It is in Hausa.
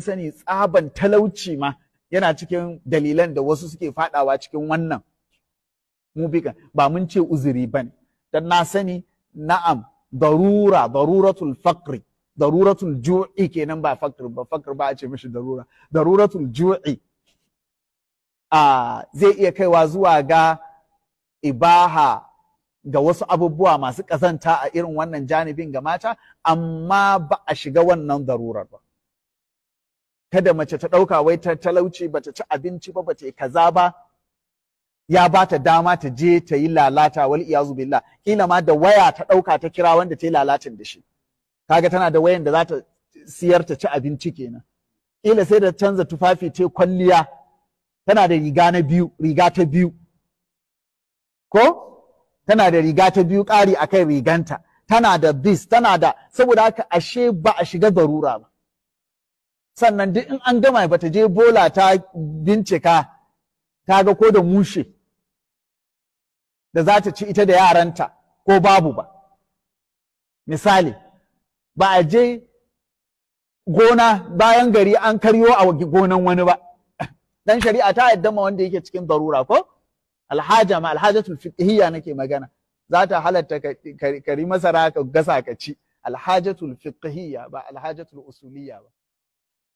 sun sani tsaban talauci ma yana cikin dalilan da wasu suke fadawa cikin wannan mu bika ba mun ce uzuri bane dan na sani na'am darura daruratul faqri daruratul ju'i kenan ba faqr ba faqr ba a ce mishi darura daruratul ju'i a zai iya kaiwa zuwa ga ibaha ga wasu abubuwa masu ƙazanta a irin wannan janibin ga mata amma ba a shiga wannan darurar ba kada mace ta ɗauka wai ta talauci bata ci abinci ba bata yi kaza ba ya ba ta dama ta je ta yi lalata wal iyazu billah kila ma da waya ta ɗauka ta kira wanda ta yi lalatan da shi kaga tana da wayan da za ta siyar ta ci abinci kenan kila sai da canza tufafi ta kwalliya tana da riga na biyu riga ta biyu ko tana da riga ta biyu ƙari akan riganta tana da bis tana da saboda haka ashe ba a shiga barura ba sannan duk in an gama bata je bola ta bincika ta ga ko da mushe da za ta ci ita da yaranta ko babu ba misali ba a je gona bayan gari an karyo a gonan wani ba dan shari'a ta yadda ma wanda yake cikin barura ko alhaja ma alhajatul fiqhiyya nake magana za ta halatta kari masara ka gasa ka ci alhajatul fiqhiyya ba alhajatul usuliyya ba